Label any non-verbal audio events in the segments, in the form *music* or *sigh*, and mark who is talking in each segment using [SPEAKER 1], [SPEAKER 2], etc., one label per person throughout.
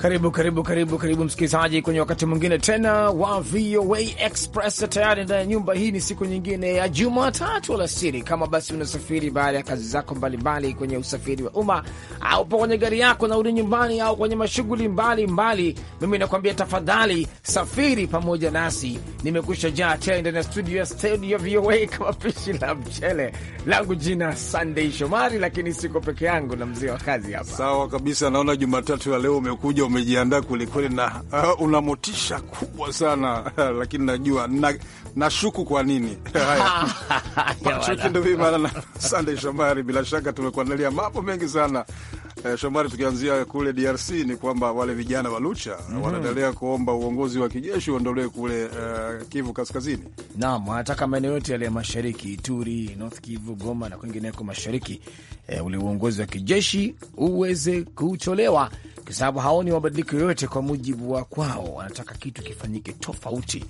[SPEAKER 1] Karibu karibu karibu karibu msikilizaji, kwenye wakati mwingine tena wa VOA Express. Tayari ndani ya nyumba hii, ni siku nyingine ya Jumatatu alasiri. Kama basi unasafiri baada ya kazi zako mbalimbali, kwenye usafiri wa umma au kwenye gari yako narudi nyumbani, au kwenye mashughuli mbalimbali, mimi nakwambia tafadhali safiri pamoja nasi. Nimekusha jaa tele ndani ya studio ya studio VOA kama pishi la mchele langu. Jina Sunday Shomari, lakini siko peke yangu na mzee wa kazi hapa.
[SPEAKER 2] Sawa kabisa, naona Jumatatu ya leo umekuja umejiandaa kwelikweli na uh, una motisha kubwa sana uh, lakini najua na, nashuku kwa nini
[SPEAKER 3] *laughs* na
[SPEAKER 2] *laughs* Sande Shomari, bila shaka tumekuandalia mambo mengi sana eh, Shomari, tukianzia kule DRC ni kwamba wale vijana wa Lucha mm -hmm. wanaendelea kuomba uongozi wa kijeshi uondolewe kule uh, Kivu Kaskazini.
[SPEAKER 1] Naam, wanataka maeneo yote yale ya mashariki, Ituri, North Kivu, Goma na kwingineko mashariki, eh, ule uongozi wa kijeshi uweze kutolewa kwa sababu haoni mabadiliko yoyote kwa mujibu wa kwao. Wanataka kitu kifanyike tofauti,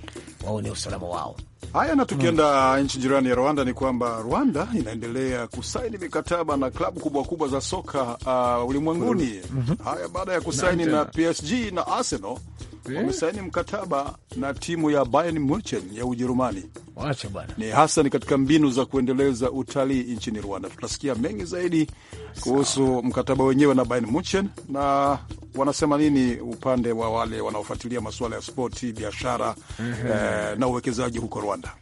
[SPEAKER 1] waone usalama wao.
[SPEAKER 2] Haya, na tukienda hmm, nchi jirani ya Rwanda ni kwamba Rwanda inaendelea kusaini mikataba na klabu kubwa kubwa za soka uh, ulimwenguni. mm -hmm. Haya, baada ya kusaini na, na PSG na Arsenal eh? wamesaini mkataba na timu ya Bayern Munchen ya Ujerumani.
[SPEAKER 1] Wacha bwana, ni
[SPEAKER 2] hasa ni katika mbinu za kuendeleza utalii nchini Rwanda. Tutasikia mengi zaidi kuhusu mkataba wenyewe na Bayern Munchen na wanasema nini upande wa wale wanaofuatilia masuala ya spoti, biashara mm -hmm. eh, na uwekezaji huko
[SPEAKER 1] Rwanda.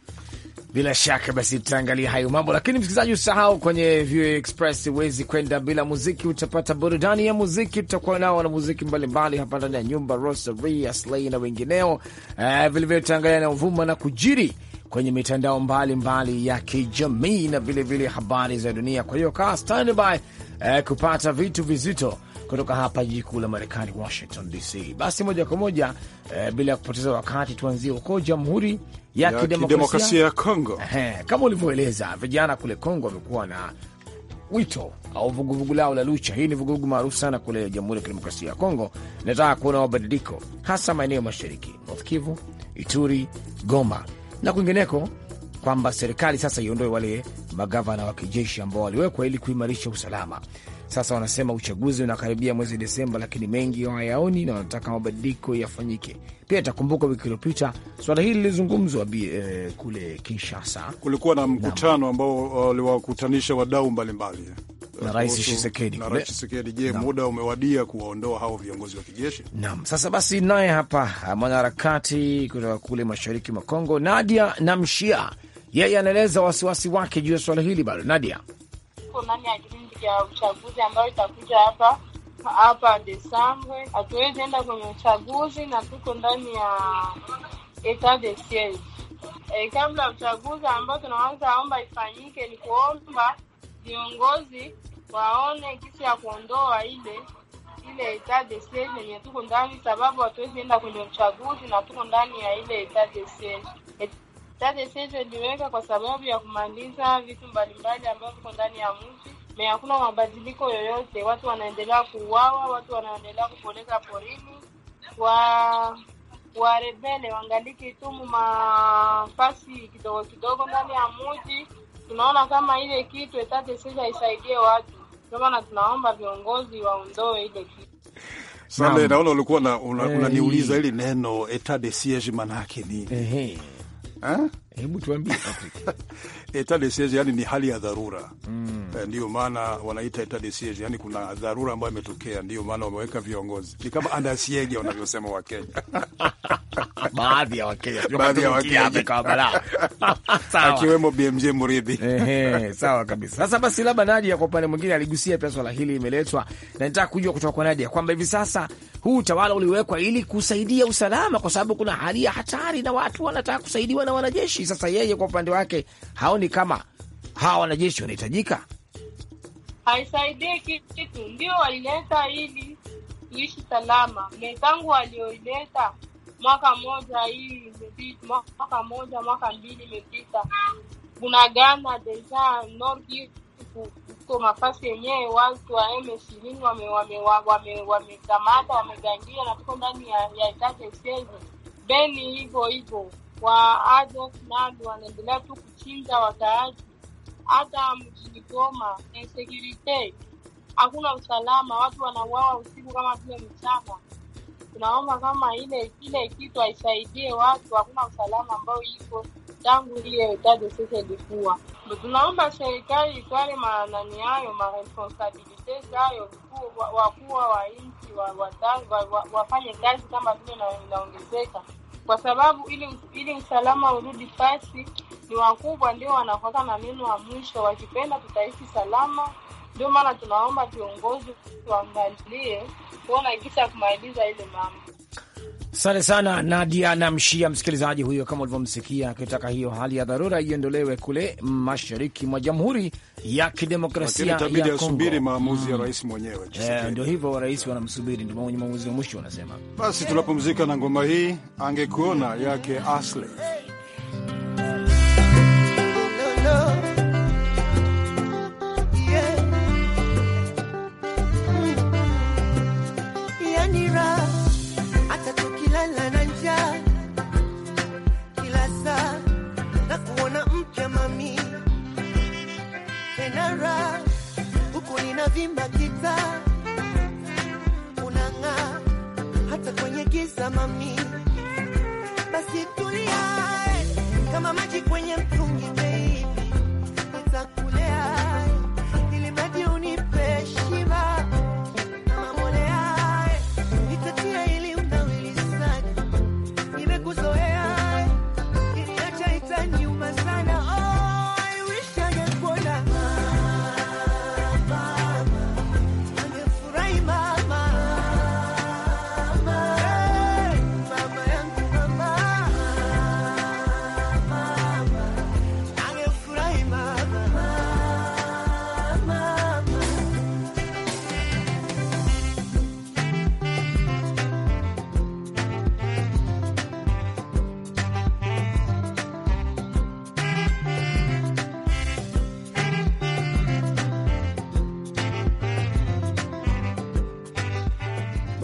[SPEAKER 1] Bila shaka basi tutaangalia hayo mambo, lakini msikilizaji, usahau kwenye VOA Express huwezi kwenda bila muziki. Utapata burudani ya muziki, tutakuwa nao na muziki mbalimbali hapa ndani ya nyumba, Rosaria Slay na wengineo. Eh, vilevile tutaangalia na uvuma na kujiri kwenye mitandao mbalimbali mbali ya kijamii na vilevile habari za dunia. Kwa hiyo kaa standby eh, kupata vitu vizito kutoka hapa jiji kuu la Marekani, Washington DC. Basi moja kwa moja eh, bila ya kupoteza wakati, tuanzie huko Jamhuri ya, ya Kidemokrasia ya Kongo. Eh, kama ulivyoeleza, vijana kule Kongo wamekuwa na wito au vuguvugu lao la Lucha. Hii ni vuguvugu maarufu sana kule Jamhuri ya Kidemokrasia ya Kongo. Nataka kuona mabadiliko, hasa maeneo mashariki, North Kivu, Ituri, Goma na kwingineko kwamba serikali sasa iondoe wale magavana wa kijeshi ambao waliwekwa ili kuimarisha usalama. Sasa wanasema uchaguzi unakaribia mwezi Desemba, lakini mengi hawayaoni na wanataka mabadiliko yafanyike. Pia itakumbuka wiki iliyopita swala hili lilizungumzwa eh, kule Kinshasa.
[SPEAKER 2] Kulikuwa na mkutano ambao eh, waliwakutanisha wadau mbalimbali
[SPEAKER 1] na Rais Tshisekedi. je, muda
[SPEAKER 2] umewadia kuwaondoa hao viongozi wa kijeshi? Naam.
[SPEAKER 1] Sasa basi, naye hapa mwanaharakati kutoka kule mashariki mwa Kongo, Nadia Namshia, yeye anaeleza wasiwasi wake juu ya swala hili bado. Nadia
[SPEAKER 3] ndani ya kipindi cha uchaguzi ambayo itakuja hapa hapa hatuwezi enda kwenye uchaguzi na tuko ndani ya etat de siege. E, kabla ya uchaguzi ambayo tunawaza omba ifanyike ni kuomba viongozi waone kisi ya kuondoa ile ile etat de siege yenye tuko ndani, sababu hatuwezi enda kwenye uchaguzi na tuko ndani ya ile etat de siege. Etat de siege iliweka kwa sababu ya kumaliza vitu mbalimbali ambavyo viko ndani ya mji me, hakuna mabadiliko yoyote. Watu wanaendelea kuuawa, watu wanaendelea kupoleka porini
[SPEAKER 4] wa
[SPEAKER 3] warebele wangaliki tu mafasi kidogo kidogo ndani ya mji. Tunaona kama ile kitu etat de siege haisaidie watu ndio maana tunaomba viongozi waondoe ile
[SPEAKER 2] kitu. naona ulikuwa eh, unaniuliza una, una, hili neno etat de siege nini? Hebu tuambie *laughs* etat de siege, yani ni hali ya dharura mm. E, eh, ndiyo maana wanaita etat de siege, yani kuna dharura ambayo imetokea, ndiyo maana wameweka viongozi, ni kama andasiege
[SPEAKER 1] wanavyosema Wakenya *laughs* baadhi ya Wakenya, baadhi ya Wakenya *laughs*
[SPEAKER 2] akiwemo BMJ Muridhi. Ehe, sawa kabisa. Sasa
[SPEAKER 1] basi, labda Nadia kwa upande mwingine aligusia pia swala hili imeletwa, na nitaka kujua kutoka kwa Nadia kwamba hivi sasa huu utawala uliwekwa ili kusaidia usalama, kwa sababu kuna hali ya hatari na watu wanataka kusaidiwa na wanajeshi sasa yeye kwa upande wake haoni kama hawa wanajeshi wanahitajika.
[SPEAKER 3] Haisaidii kitu, ndio walileta ili tuishi salama. Mwenzangu walioileta mwaka moja hii imepita, mwaka moja mwaka mbili imepita, gana deja Nord uko mafasi yenyewe watu wa M ishirini wamekamata wamegangia, na tuko ndani ya etat de Beni hivyo hivyo wa Adolf nalo wanaendelea tu kuchinja wakaaji. Hata mjini Goma insecurity, hakuna usalama, watu wanauawa usiku kama vile mchana. Tunaomba kama ile kile kitu aisaidie watu, hakuna usalama ambao iko tangu ile etaje sese ilikuwa. Tunaomba serikali itwale manani hayo maresponsabilite zayo, wakuwa wa nchi wafanye kazi kama vile inaongezeka kwa sababu ili, ili usalama urudi fasi, ni wakubwa ndio wanafuata neno ya mwisho. Wakipenda tutaishi salama. Ndio maana tunaomba viongozi tuangalie kuona kisha kumaliza ile mambo.
[SPEAKER 1] Asante sana Nadia na Mshia, msikilizaji huyo, kama ulivyomsikia akitaka hiyo hali ya dharura iondolewe kule mashariki mwa Jamhuri ya Kidemokrasia ya Kongo. Maamuzi ya mm. rais mwenyewe eh, ndio hivyo, rais wanamsubiri, ndio wenye maamuzi ya mwisho wanasema.
[SPEAKER 2] Basi tunapumzika na ngoma hii, angekuona yake Asley.
[SPEAKER 5] Esa mami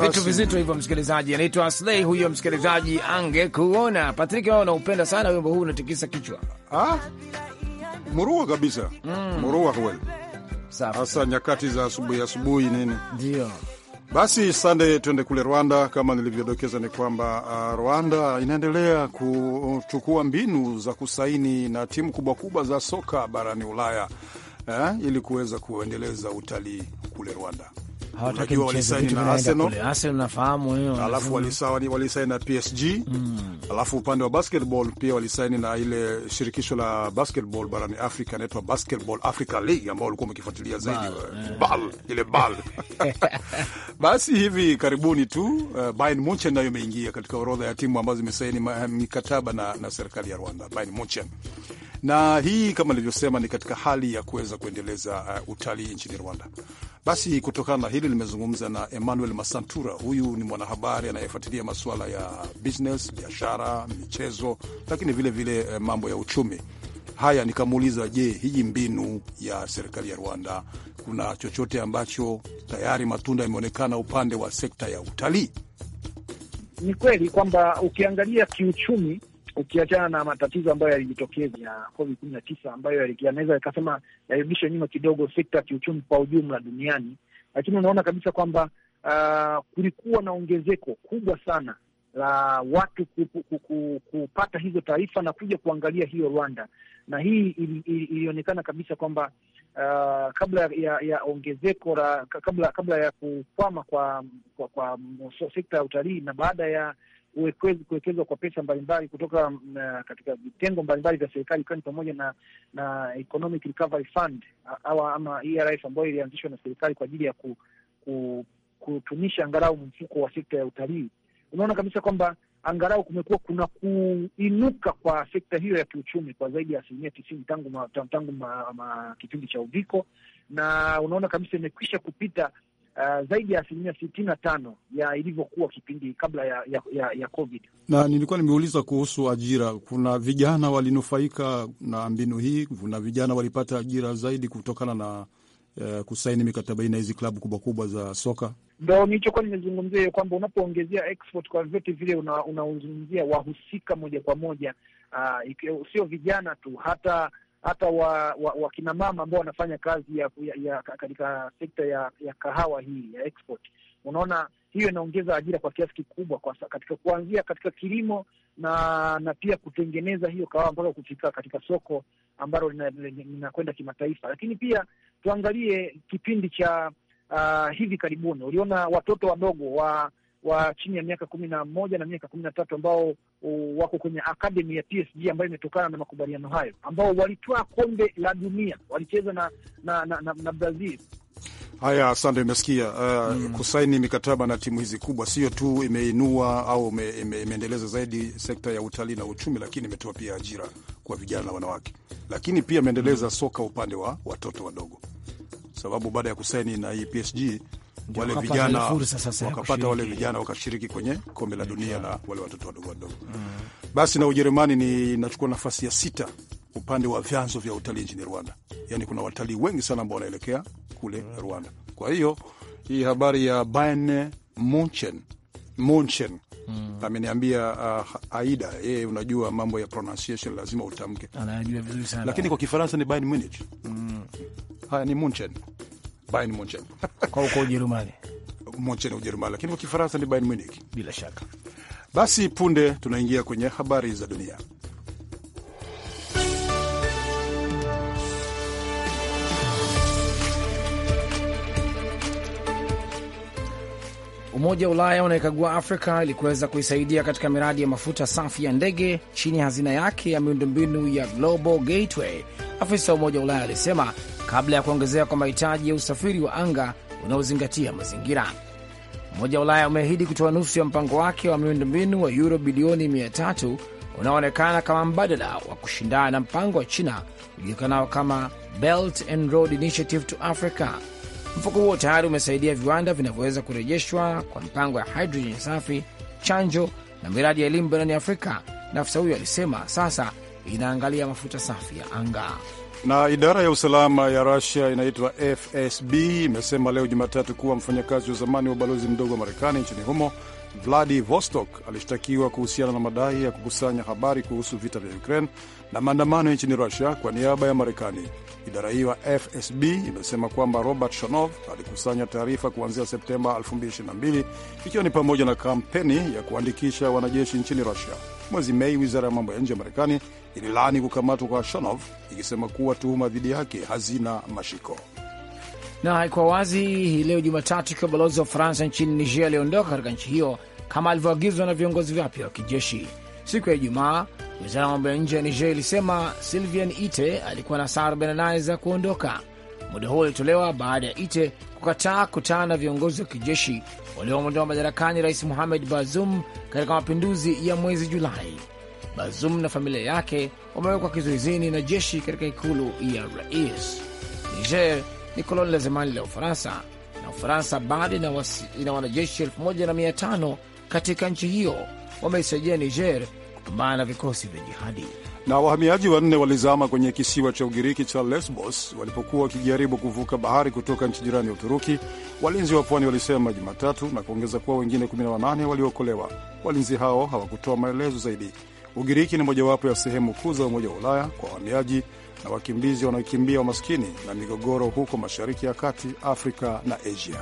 [SPEAKER 1] vitu vizito hivyo, msikilizaji. Anaitwa slei huyo msikilizaji, angekuona Patrick, wao naupenda sana wimbo huu, unatikisa kichwa ah? murua kabisa mm. murua kweli, hasa
[SPEAKER 2] nyakati za asubuhi asubuhi nini. Ndio basi, sande, tuende kule Rwanda. Kama nilivyodokeza ni kwamba uh, Rwanda inaendelea kuchukua mbinu za kusaini na timu kubwa kubwa za soka barani Ulaya eh, ili kuweza kuendeleza utalii kule Rwanda hawataki mchezo na Arsenal.
[SPEAKER 1] Arsenal nafahamu hiyo. Alafu
[SPEAKER 2] walisaini walisaini na PSG. Mm. Alafu upande wa basketball pia walisaini na ile shirikisho la basketball barani Afrika inaitwa Basketball Africa League ambao walikuwa zaidi eh. ile *laughs* Basi hivi karibuni tu uh, Bayern nayo imeingia katika orodha ya timu ambazo zimesaini eh, mikataba na, na serikali ya Rwanda Bayern na hii kama nilivyosema ni katika hali ya kuweza kuendeleza uh, utalii nchini Rwanda. Basi kutokana na hili nimezungumza na Emmanuel Masantura. Huyu ni mwanahabari anayefuatilia masuala ya business, biashara, michezo, lakini vilevile vile eh, mambo ya uchumi. Haya, nikamuuliza, je, hii mbinu ya serikali ya Rwanda kuna chochote ambacho tayari matunda yameonekana upande wa sekta ya utalii?
[SPEAKER 6] Ni kweli kwamba ukiangalia kiuchumi ukiachana na matatizo ambayo yalijitokeza ya Covid kumi na tisa ambayo yanaweza ikasema yarudisha nyuma kidogo sekta ya kiuchumi kwa ujumla duniani, lakini unaona kabisa kwamba uh, kulikuwa na ongezeko kubwa sana la watu kupata hizo taarifa na kuja kuangalia hiyo Rwanda, na hii ilionekana kabisa kwamba uh, kabla ya, ya ongezeko la kabla kabla ya kukwama kwa, kwa, kwa sekta ya utalii na baada ya kuwekezwa kwa pesa mbalimbali kutoka na, mm, eh, katika vitengo mbalimbali vya serikali ikiwa ni pamoja na na Economic Recovery Fund au ama ERF ambayo ilianzishwa na serikali kwa ajili ya ku, ku, kutumisha angalau mfuko wa sekta ya utalii. Unaona kabisa kwamba angalau kumekuwa kuna kuinuka kwa sekta hiyo ya kiuchumi kwa zaidi ya asilimia tisini tangu ma, tangu ma, ma, kipindi cha uviko, na unaona kabisa imekwisha kupita uh, zaidi ya asilimia sitini na tano ya ilivyokuwa kipindi kabla ya, ya, ya, ya COVID.
[SPEAKER 2] Na nilikuwa nimeuliza kuhusu ajira, kuna vijana walinufaika na mbinu hii, kuna vijana walipata ajira zaidi kutokana na uh, kusaini mikataba hii na hizi klabu kubwa kubwa za soka.
[SPEAKER 6] Ndo nilichokuwa nimezungumzia hiyo, kwamba unapoongezea export kwa vyote vile unazungumzia una wahusika moja kwa moja uh, sio vijana tu hata hata wa, wa, wakinamama ambao wanafanya kazi ya, ya, ya katika sekta ya, ya kahawa hii ya export. Unaona, hiyo inaongeza ajira kwa kiasi kikubwa kwa, katika kuanzia katika kilimo na na pia kutengeneza hiyo kahawa mpaka kufika katika soko ambalo linakwenda kimataifa. Lakini pia tuangalie kipindi cha uh, hivi karibuni, uliona watoto wadogo wa wa chini ya miaka kumi na moja na miaka kumi na tatu ambao wako kwenye akademi ya PSG ambayo imetokana na makubaliano hayo, ambao walitoa kombe la dunia, walicheza na, na, na, na, na Brazil.
[SPEAKER 2] Haya, asante. Umesikia uh, mm. Kusaini mikataba na timu hizi kubwa sio tu imeinua au ime, ime, imeendeleza zaidi sekta ya utalii na uchumi, lakini imetoa pia ajira kwa vijana na wanawake, lakini pia imeendeleza mm. soka upande wa watoto wadogo, sababu baada ya kusaini na hii PSG wale vijana wakapata wale vijana wakashiriki kwenye kombe la dunia la wale watoto wadogo wadogo. Mm. Basi na Ujerumani ni nachukua nafasi ya sita upande wa vyanzo vya utalii nchini Rwanda, yaani kuna watalii wengi sana ambao wanaelekea kule mm. Rwanda. Kwa hiyo hii habari ya Bayern Munchen Munchen Hmm. Ameniambia uh, Aida yeye, unajua mambo ya pronunciation lazima utamke, lakini kwa Kifaransa ni Bayern Munich. Hmm. Haya ni Munchen Bayern Munchen *laughs* kwa uko Ujerumani, Ujerumani, lakini kwa Kifaransa ni Bayern Munich bila shaka. Basi punde tunaingia kwenye habari za dunia.
[SPEAKER 1] Umoja wa Ulaya unaikagua Afrika ili kuweza kuisaidia katika miradi ya mafuta safi ya ndege chini ya hazina yake ya miundombinu ya Global Gateway, afisa wa Umoja wa Ulaya alisema kabla ya kuongezea kwa mahitaji ya usafiri wa anga unaozingatia mazingira. Umoja wa Ulaya umeahidi kutoa nusu ya mpango wake wa miundombinu wa yuro bilioni 300 unaoonekana kama mbadala wa kushindana na mpango wa China ujulikanao kama Belt and Road Initiative to Africa. Mfuko huo tayari umesaidia viwanda vinavyoweza kurejeshwa kwa mpango ya hidrojeni safi, chanjo na miradi ya elimu barani Afrika. Na afisa huyo alisema sasa inaangalia mafuta safi ya anga.
[SPEAKER 2] Na idara ya usalama ya Rusia inaitwa FSB imesema leo Jumatatu kuwa mfanyakazi wa zamani wa ubalozi mdogo wa Marekani nchini humo vladi vostok alishtakiwa kuhusiana na madai ya kukusanya habari kuhusu vita vya Ukraine na maandamano nchini Rusia kwa niaba ya Marekani. Idara hiyo ya FSB imesema kwamba Robert Shonov alikusanya taarifa kuanzia Septemba 2022 ikiwa ni pamoja na kampeni ya kuandikisha wanajeshi nchini Rusia. Mwezi Mei, wizara ya mambo ya nje ya Marekani ililaani kukamatwa kwa Shonov ikisema kuwa tuhuma dhidi yake hazina mashiko.
[SPEAKER 1] Na haikuwa wazi hii leo Jumatatu ikiwa balozi wa Ufaransa nchini Niger aliondoka katika nchi hiyo kama alivyoagizwa na viongozi wapya wa kijeshi siku ya Ijumaa. Wizara ya mambo ya nje ya Niger ilisema Sylvain Ite alikuwa na saa 48 za kuondoka. Muda huo ulitolewa baada ya Ite kukataa kutana na viongozi wa kijeshi waliomwondoa madarakani Rais Mohamed Bazoum katika mapinduzi ya mwezi Julai. Bazoum na familia yake wamewekwa kizuizini na jeshi katika ikulu ya rais. Niger ni koloni la zamani la Ufaransa na Ufaransa bado ina wanajeshi elfu katika nchi hiyo. Wameisaidia Niger kupambana na vikosi vya jihadi.
[SPEAKER 2] Na wahamiaji wanne walizama kwenye kisiwa cha Ugiriki cha Lesbos walipokuwa wakijaribu kuvuka bahari kutoka nchi jirani ya Uturuki, walinzi wa pwani walisema Jumatatu, na kuongeza kuwa wengine 18 waliokolewa. Walinzi hao hawakutoa maelezo zaidi. Ugiriki ni mojawapo ya sehemu kuu za Umoja wa Ulaya kwa wahamiaji na wakimbizi wanaokimbia umaskini na migogoro huko Mashariki ya Kati, Afrika na Asia.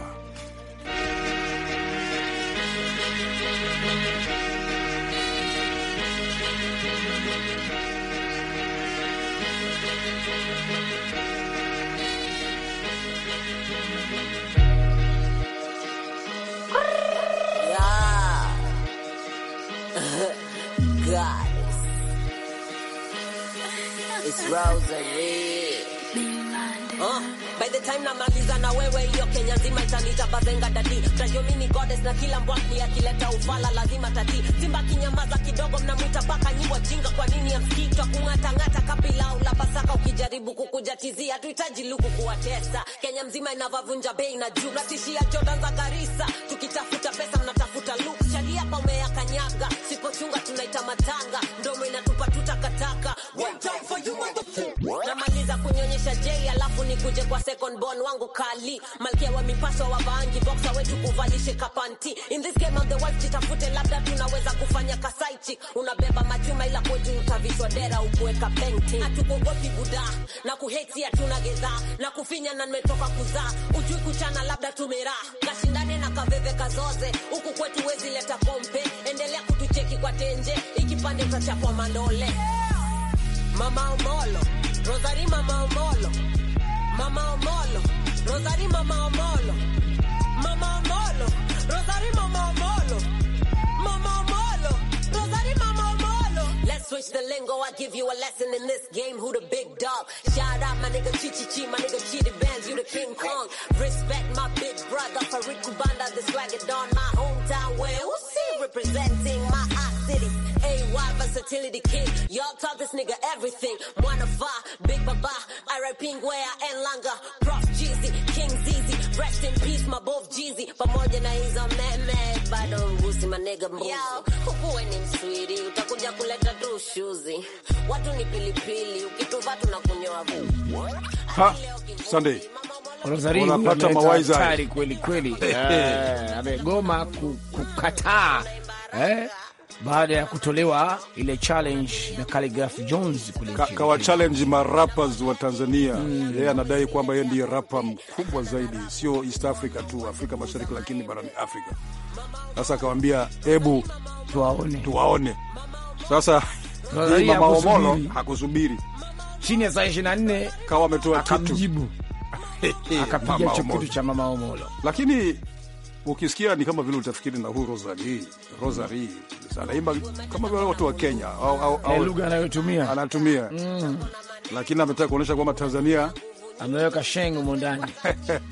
[SPEAKER 7] Rose red. Oh, by the time namaliza na wewe hiyo Kenya nzima itanita bazenga dadi tajomini goddess na kila mbwani akileta uvala lazima tati simba kinyamaza kidogo mnamwita paka nyimbo jinga kwa nini amsikitwa kung'atang'ata kapila ula pasaka ukijaribu kukujatizia hatuhitaji luku kuwatesa Kenya mzima inavavunja bei na juu natishia Jordan za Garissa tukitafuta pesa mnatafuta luku shalia pa umeyakanyaga sipochunga tunaita matanga nikuje kwa second born wangu kali, malkia wa mipaso wa bangi boxer wetu kuvalishe kapanti. In this game of the world tutafute labda tunaweza kufanya kasaichi. Unabeba machuma ila kwetu utavishwa dera ukuweka penti. Hatukogopi buda na kuheti, hatuna gedha na kufinya na nimetoka kuzaa, ujui kuchana labda tumera kashindane na kaveve kazoze, huku kwetu wezi leta kompe. Endelea kutucheki kwa tenje, ikipande utachapwa mandole. Mama Omolo, Rosari Mama Omolo Mama Omolo, Mama Omolo, Mama Omolo, Mama Omolo, Mama Omolo, Mama Omolo. Let's switch the lingo, I give you a lesson in this game, who the big dog? Shout out my nigga Chichi my nigga Chidi Bands, you the King Kong. Respect my big brother, Farid Kubanda, the swagger don my hometown, where well, see representing my hot city. AY versatility king, y'all taught this nigga everything. Wanna fight, Big Baba, Pingwea, Enlanga, Prof Jizi, King Zizi, rest in peace mabovu jizi, pamoja na hizo meme bado mbuzi manega mbuzi, ukuwe ni mswiri, utakuja kuleta tu ushuzi, watu ni pilipili, ukituva tunakunyoa vu.
[SPEAKER 1] Ha, Sunday
[SPEAKER 7] unapata mawaidha
[SPEAKER 1] kweli kweli, *laughs* eh, amegoma kukataa eh baada ya kutolewa ile challenge na Khaligraph Jones kule ka, kawa challenge ma
[SPEAKER 2] rappers wa Tanzania mm. Yeye anadai kwamba yeye ndiye rapper mkubwa zaidi, sio East Africa tu, Afrika Mashariki, lakini barani Afrika. Sasa akawambia hebu tuwaone, tuwaone. Sasa Mama Omolo hakusubiri, chini ya saa 24 kawa ametoa kitu akamjibu, *laughs* akapiga kitu
[SPEAKER 1] cha Mama Omolo
[SPEAKER 2] lakini ukisikia ni kama vile utafikiri na huu Rosari, Rosary anaimba kama vile watu wa Kenya au, au, au lugha
[SPEAKER 1] anayotumia anatumia mm.
[SPEAKER 2] Lakini ametaka kuonyesha kwamba Tanzania ameweka sheng humo ndani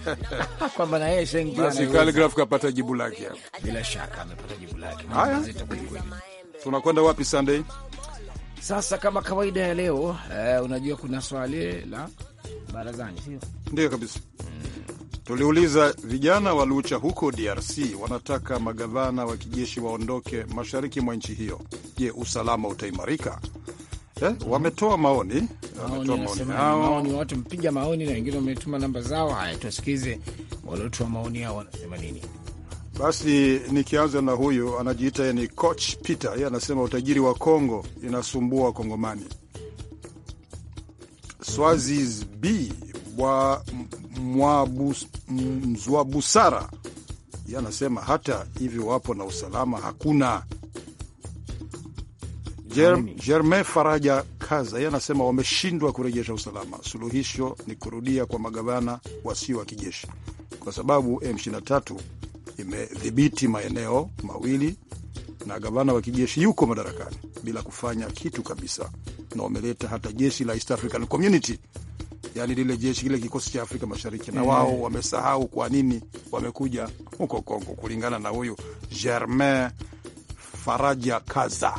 [SPEAKER 1] *laughs* kwamba na yeye sheng pia. Basi Khaligraph
[SPEAKER 2] kapata jibu lake,
[SPEAKER 1] bila shaka amepata jibu lake.
[SPEAKER 2] Haya, tunakwenda wapi Sunday?
[SPEAKER 1] Sasa kama kawaida ya leo eh, unajua kuna swali la barazani, sio
[SPEAKER 2] ndio? Kabisa mm. Tuliuliza vijana wa Lucha huko DRC wanataka magavana wa kijeshi waondoke mashariki mwa nchi hiyo. Je, usalama utaimarika? Eh, wametoa maoni, wametoa maoni maoni
[SPEAKER 1] watu mpiga maoni, na wengine wametuma namba zao. Haya, waliotoa maoni yao wanasema nini.
[SPEAKER 2] Basi nikianza na huyu anajiita ni Coach Peter, yeye anasema utajiri wa Kongo inasumbua Kongomani. Swazis B Mzwabusara yanasema hata hivyo wapo na usalama hakuna. Germ, Germain Faraja Kaza ye anasema wameshindwa kurejesha usalama, suluhisho ni kurudia kwa magavana wasio wa kijeshi, kwa sababu M23 imedhibiti maeneo mawili na gavana wa kijeshi yuko madarakani bila kufanya kitu kabisa, na wameleta hata jeshi la East African Community yani lile jeshi lile kikosi cha Afrika Mashariki, na eh. wao wamesahau kwa nini wamekuja huko Kongo, kulingana na huyu Germain Faraja Kaza.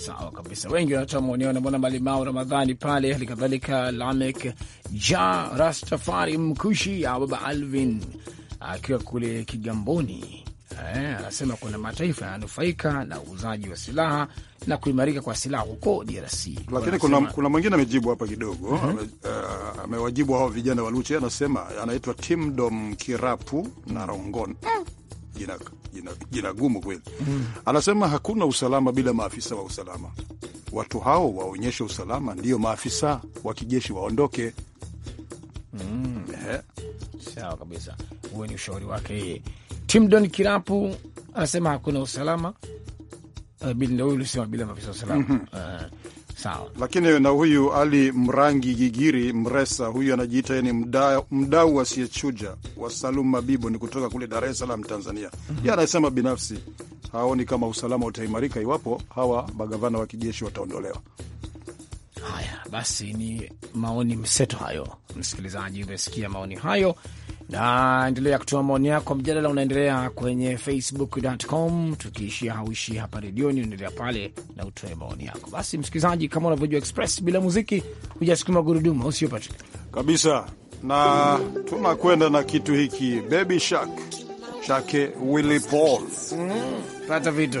[SPEAKER 1] Sawa kabisa, wengi wanatoa maoni yao. Namwona Malimao Ramadhani pale, hali kadhalika Lamek Ja Rastafari Mkushi au Baba Alvin akiwa kule Kigamboni Eh, anasema kuna mataifa yananufaika na uuzaji wa silaha na kuimarika kwa silaha huko DRC. Lakini kuna, kuna
[SPEAKER 2] mwingine amejibu hapa kidogo uh mhm. eh, -huh. Amewajibu hao vijana wa Luche, anasema anaitwa Timdom Kirapu na Rongon Jina, jina, jina gumu kweli mm. Anasema hakuna usalama bila maafisa wa usalama. Watu hao waonyeshe usalama, ndiyo maafisa wa kijeshi waondoke. mm. Sawa kabisa, huwe ni ushauri wake yeye.
[SPEAKER 1] Timdon Kirapu anasema hakuna usalama. Uh, eh, huyu ulisema bila maafisa usalama mm -hmm. uh,
[SPEAKER 2] Sawa. Lakini na huyu Ali Mrangi Gigiri Mresa, huyu anajiita ni mdau asiyechuja wa Salum Mabibo, ni kutoka kule Dar es Salaam, Tanzania. mm -hmm. anasema binafsi haoni kama usalama utaimarika iwapo hawa magavana wa kijeshi wataondolewa.
[SPEAKER 1] Haya basi, ni maoni mseto hayo. Msikilizaji, umesikia maoni hayo na endelea kutoa maoni yako. Mjadala unaendelea kwenye facebook.com, tukiishia hauishi hapa redioni, unaendelea pale na utoe maoni yako. Basi msikilizaji, kama unavyojua Express bila muziki hujasukuma gurudumu, au sio Patrick?
[SPEAKER 2] Kabisa, na tunakwenda na kitu hiki Baby Shark chake Willy Paul. Mm, pata vitu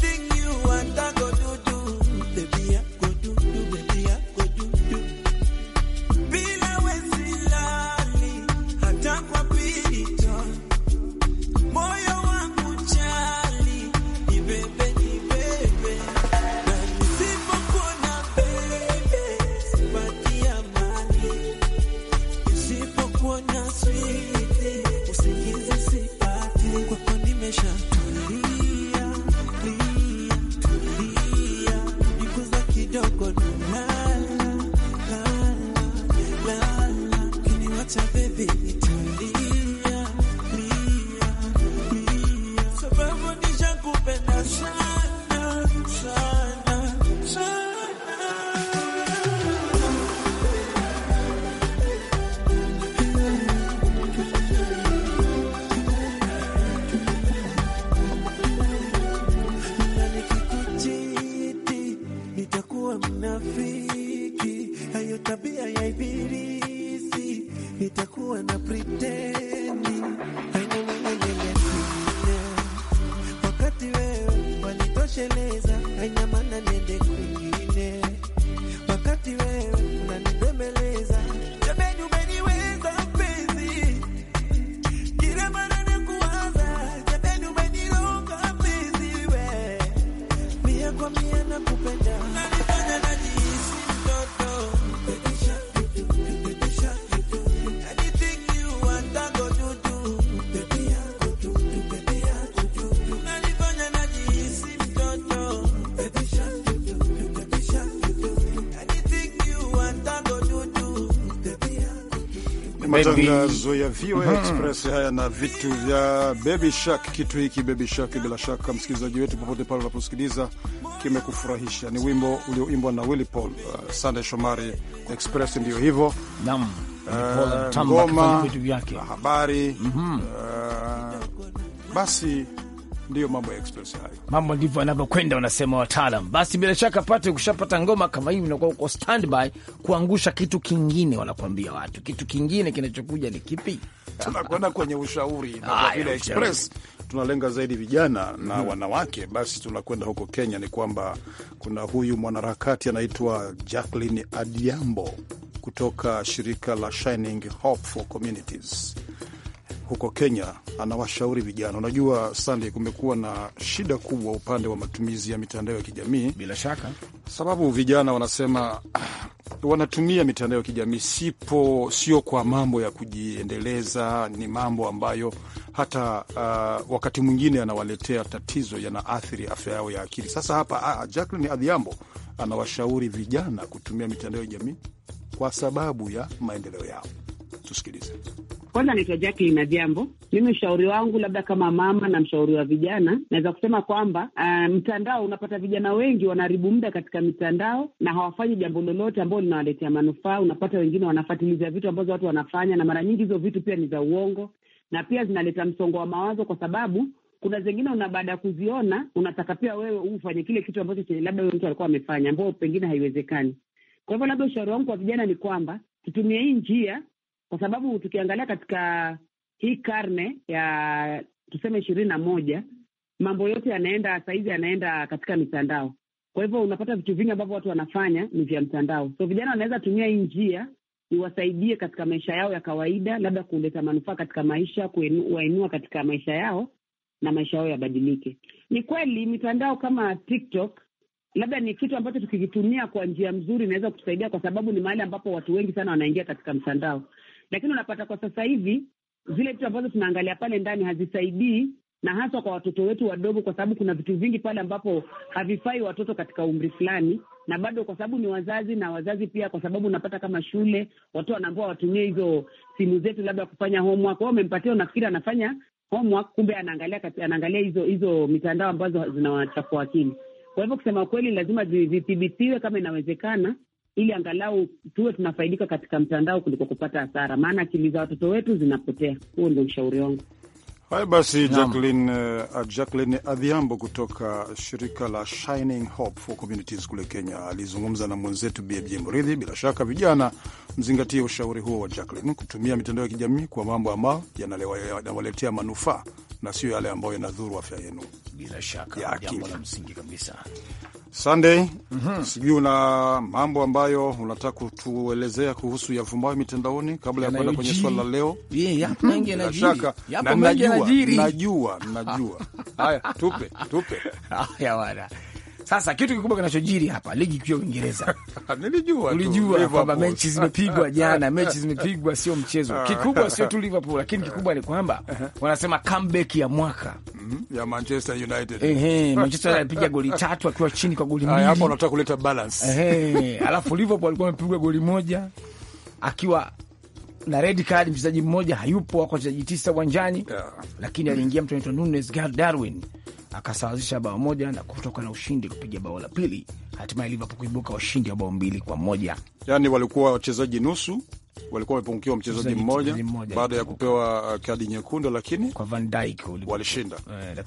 [SPEAKER 2] matangazo ya VOA mhm. Express haya na vitu vya Baby Shark. Kitu hiki Baby Shark, bila shaka msikilizaji wetu popote pale unaposikiliza, kimekufurahisha. Ni wimbo ulioimbwa na Willy Paul. Uh, Sunday Shomari Express ndio hivyo, uh, ngoma, habari, mhm. uh, basi ndiyo mambo ya express hayo,
[SPEAKER 1] mambo ndivyo anavyokwenda, wanasema wataalam. Basi bila shaka pate, ukishapata ngoma kama hivi unakuwa uko standby kuangusha kitu kingine. Wanakuambia watu kitu kingine kinachokuja ni kipi? Tunakwenda kwenye
[SPEAKER 2] ushauri na *laughs* kwa vile express tunalenga zaidi vijana na hmm, wanawake, basi tunakwenda huko Kenya. Ni kwamba kuna huyu mwanaharakati anaitwa Jacqueline Adiambo kutoka shirika la Shining Hope for Communities huko Kenya anawashauri vijana. Unajua Sande, kumekuwa na shida kubwa upande wa matumizi ya mitandao ya kijamii, bila shaka, sababu vijana wanasema ah, wanatumia mitandao ya kijamii sipo, sio kwa mambo ya kujiendeleza, ni mambo ambayo hata uh, wakati mwingine yanawaletea tatizo, yanaathiri afya yao ya akili. Sasa hapa ah, Jacqueline Adhiambo anawashauri vijana kutumia mitandao ya jamii kwa sababu ya maendeleo yao. Tusikilize.
[SPEAKER 4] Kwanza naitwa Jacqueline na jambo. Mimi ushauri wangu labda kama mama na mshauri wa vijana, naweza kusema kwamba uh, mtandao unapata vijana wengi wanaharibu muda katika mitandao na hawafanyi jambo lolote ambalo linawaletea manufaa. Unapata wengine wanafatiliza vitu ambazo watu wanafanya, na mara nyingi hizo vitu pia ni za uongo na pia zinaleta msongo wa mawazo, kwa sababu kuna zingine una baada ya kuziona unataka pia wewe ufanye kile kitu ambacho chenye labda huyo mtu alikuwa amefanya, ambao pengine haiwezekani. Kwa hivyo labda ushauri wangu kwa vijana ni kwamba tutumie hii njia kwa sababu tukiangalia katika hii karne ya tuseme ishirini na moja mambo yote yanaenda sahizi, yanaenda katika mitandao. Kwa hivyo unapata vitu vingi ambavyo watu wanafanya ni vya mtandao, so vijana wanaweza tumia hii njia iwasaidie katika maisha yao ya kawaida, labda kuleta manufaa katika maisha, kuwainua katika maisha yao na maisha yao yabadilike. Ni kweli mitandao kama TikTok labda ni kitu ambacho tukikitumia kwa njia mzuri inaweza kutusaidia, kwa sababu ni mahali ambapo watu wengi sana wanaingia katika mtandao. Lakini unapata kwa sasa hivi zile vitu ambazo tunaangalia pale ndani hazisaidii, na haswa kwa watoto wetu wadogo, kwa sababu kuna vitu vingi pale ambapo havifai watoto katika umri fulani, na bado kwa sababu ni wazazi na wazazi pia, kwa sababu unapata kama shule watoto wanaambiwa watumie hizo simu zetu labda kufanya homework. Wao wamempatia, nafikiri anafanya homework, kumbe anaangalia anaangalia hizo hizo mitandao ambazo zinawachafua akili. Kwa hivyo kusema kweli, lazima zidhibitiwe kama inawezekana, ili angalau tuwe tunafaidika katika mtandao kuliko kupata hasara, maana akili za watoto wetu zinapotea. Huo ndio ushauri wangu.
[SPEAKER 2] Haya basi, Jacqueline, uh, Jacqueline Adhiambo kutoka shirika la Shining Hope for Communities kule Kenya alizungumza na mwenzetu BMJ Mridhi. Bila shaka vijana mzingatie ushauri huo wa Jacqueline, kutumia mitandao ya kijamii kwa mambo ambayo yanawaletea manufaa na sio yale ambayo yanadhuru afya yenu. Bila shaka ya jambo la msingi kabisa. Sunday, mm -hmm. Sijui una mambo ambayo unataka kutuelezea kuhusu yavumbayo mitandaoni kabla ya kwenda kwenye swala la leo?
[SPEAKER 1] Yeah, mm -hmm tajiri. Najua, najua. *laughs* Haya, tupe, tupe. Haya bwana. Sasa kitu kikubwa kinachojiri hapa ligi kuu ya Uingereza. *laughs* Nilijua. Ulijua kwamba mechi zimepigwa *laughs* jana, mechi zimepigwa sio mchezo. Ah. Kikubwa sio tu Liverpool, lakini kikubwa ni kwamba wanasema comeback ya mwaka
[SPEAKER 2] mm-hmm. ya Manchester United. Ehe, Manchester alipiga goli
[SPEAKER 1] tatu akiwa chini kwa goli mbili. Hapo unataka
[SPEAKER 2] kuleta balance. Ehe, alafu
[SPEAKER 1] Liverpool alikuwa goli moja akiwa na red card mchezaji mmoja hayupo, wako wachezaji tisa uwanjani yeah. Lakini aliingia mtu anaitwa Nunes Darwin akasawazisha bao moja na kutoka na ushindi kupiga bao la pili, hatimaye Liverpool kuibuka washindi wa bao mbili kwa moja.
[SPEAKER 2] Yani walikuwa wachezaji nusu walikuwa wamepungukiwa mchezaji mmoja baada ya kupewa uh, kadi nyekundu,
[SPEAKER 1] lakini kwa Van Dijk walishinda.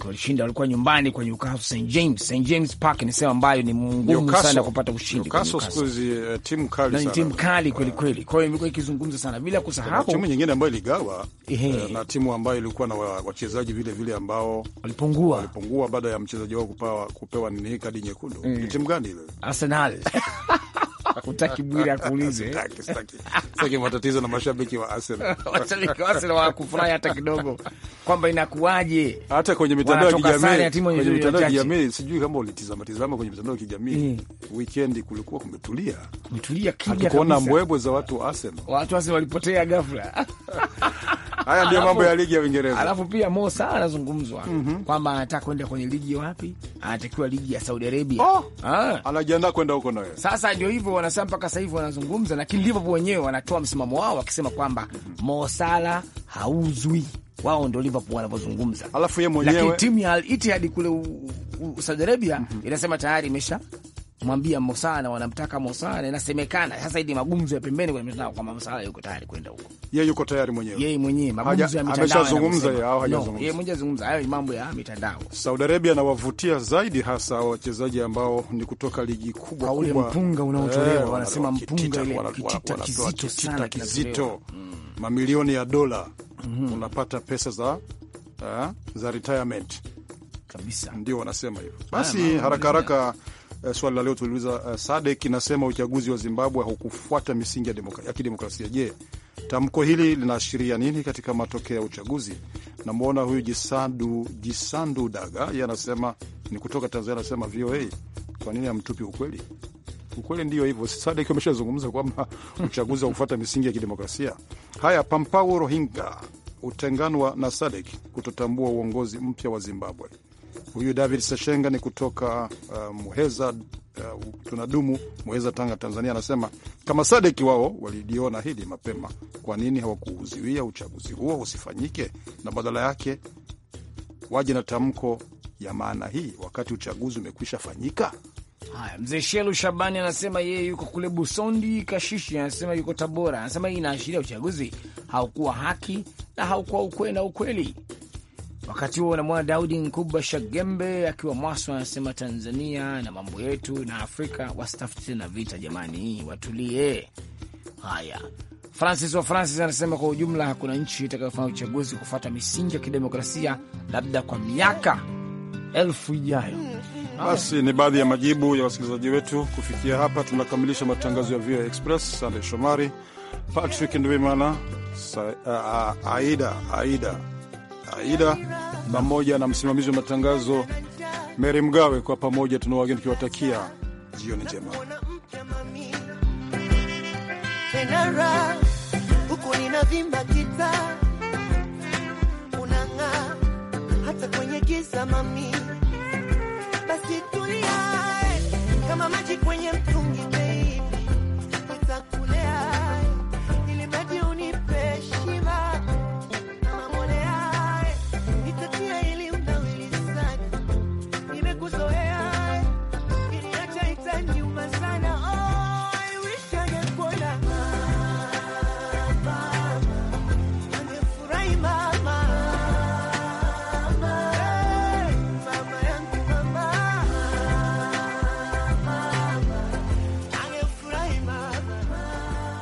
[SPEAKER 1] Uh, walishinda, walikuwa nyumbani kwa Newcastle St James. St James Park ni sehemu ambayo ni ngumu sana kupata ushindi. Newcastle siku hizi eh, timu kali sana, timu kali kweli kweli, kwa hiyo imekuwa ikizungumza sana, bila kusahau timu nyingine ambayo iligawa eh, na timu ambayo
[SPEAKER 2] ilikuwa na wachezaji vile vile ambao walipungua, walipungua baada ya mchezaji wao kupewa kupewa nini, kadi nyekundu. Ni Timu gani ile? Arsenal *laughs* Hutaki Bwire akuulize. Sitaki matatizo na mashabiki wa Arsenal. *laughs* Arsenal hawakufurahi hata kidogo
[SPEAKER 1] kwamba inakuwaje. Hata kwenye mitandao ya kijamii, kwenye mitandao ya kijamii
[SPEAKER 2] sijui kama ulitizama tizama kwenye mitandao ya kijamii. Eh. Weekend kulikuwa kumetulia. Kumetulia kimya kabisa. Hatukuona za watu wa Arsenal.
[SPEAKER 1] Watu wa Arsenal walipotea ghafla. *laughs*
[SPEAKER 2] Haya ndio mambo ya ligi ya Uingereza. Alafu
[SPEAKER 1] pia Mo Salah anazungumzwa mm -hmm. kwamba anataka kwenda kwenye ligi wapi? Anatakiwa ligi ya Saudi Arabia. Oh,
[SPEAKER 2] ah, anajiandaa kwenda huko nayo.
[SPEAKER 1] Sasa ndio hivyo wanasema, mpaka sasa hivi wanazungumza, lakini Liverpool wenyewe wanatoa msimamo wao wakisema kwamba Mo Salah hauzwi wao ndo Liverpool wanavyozungumza, alafu yeye mwenyewe, lakini timu ya Al Ittihad kule Saudi Arabia mm -hmm. inasema tayari imesha kumwambia Mosana wanamtaka Mosana, inasemekana sasa. hivi magumzo ya pembeni kwenye mitandao kwamba Mosana yuko tayari kwenda huko,
[SPEAKER 2] yeye yuko tayari mwenyewe, yeye mwenyewe. Magumzo ya mitandao ameshazungumza au hajazungumza? Yeye
[SPEAKER 1] mwenyewe azungumza hayo, mambo ya mitandao.
[SPEAKER 2] Saudi Arabia anawavutia zaidi hasa wachezaji ambao ni kutoka ligi kubwa kubwa, ule mpunga unaotolewa, eh, wanasema mpunga ile kitita kizito sana, kizito mm. mamilioni ya dola, mhm. unapata pesa za eh, za retirement kabisa, ndio wanasema hivyo. Basi haraka haraka uh, swali la leo tuliuliza uh, Sadek inasema uchaguzi wa Zimbabwe haukufuata misingi ya, ya kidemokrasia. Je, tamko hili linaashiria nini katika matokeo ya uchaguzi? Namwona huyu Jisandu, Jisandu Daga, yeye anasema ni kutoka Tanzania, anasema VOA, kwa nini amtupi ukweli? Ukweli ndio hivyo. Sadek ameshazungumza kwamba *laughs* uchaguzi haukufuata misingi ya kidemokrasia. Haya, Pampau rohinga utenganwa na Sadek kutotambua uongozi mpya wa Zimbabwe. Huyu David Seshenga ni kutoka uh, Muheza uh, tunadumu Muheza, Tanga, Tanzania, anasema kama Sadeki wao waliliona hili mapema, kwa nini hawakuuziwia uchaguzi huo usifanyike na badala yake waje na tamko ya maana hii wakati uchaguzi umekwisha
[SPEAKER 1] fanyika? Haya, mzee Shelu Shabani anasema yeye yuko kule Busondi. Kashishi anasema yuko Tabora, anasema hii inaashiria uchaguzi haukuwa haki na haukuwa ukwe na ukweli. Wakati huo namwona Daudi Nkuba Shagembe akiwa Mwaswa, anasema Tanzania na mambo yetu na Afrika wastafti tena vita, jamani watulie. Haya, Francis wa Francis anasema kwa ujumla hakuna nchi itakayofanya uchaguzi kufuata misingi ya kidemokrasia labda kwa miaka elfu ijayo. Basi
[SPEAKER 2] ni baadhi ya majibu ya wasikilizaji wetu. Kufikia hapa tunakamilisha matangazo ya VOA Express. Sande Shomari, Patrick Ndwimana, Aida Aida Aida pamoja na msimamizi wa matangazo Mary Mgawe. Kwa pamoja tuna wageni tukiwatakia jioni njema.
[SPEAKER 5] Huku ninavimba gitaa, unang'aa hata kwenye giza mami, basi tulia kama maji kwenye mtungi